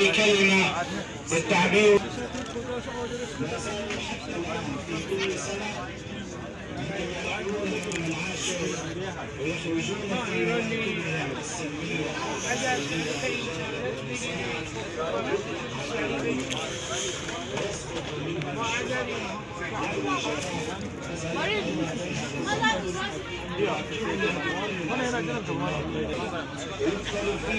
بكلمة للتعبير ما زالوا في العاشر ويخرجون في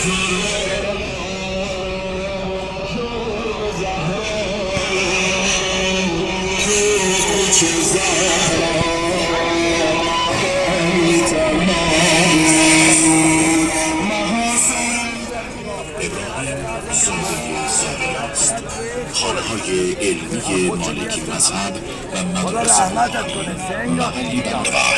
Choose the علمی مالکی مذهب و مدرس مالکی و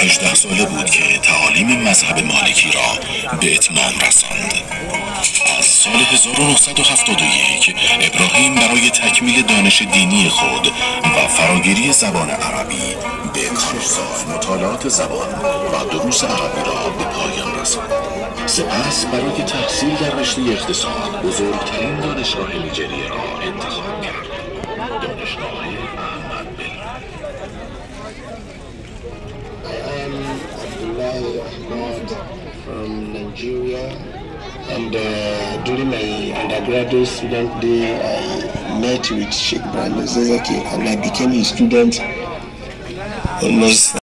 هجده ساله بود که تعالیم مذهب مالکی را به اتمام رساند از سال 1971 ابراهیم برای تکمیل دانش دینی خود و فراگیری زبان عربی به کارزار مطالعات زبان و دروس عربی را به پایان رساند سپس برای تحصیل در رشته اقتصاد بزرگترین دانشگاه نیجریه را انتخاب کرد Nigeria. And uh, during my undergraduate student day, I met with Sheikh Brandon and I became a student almost.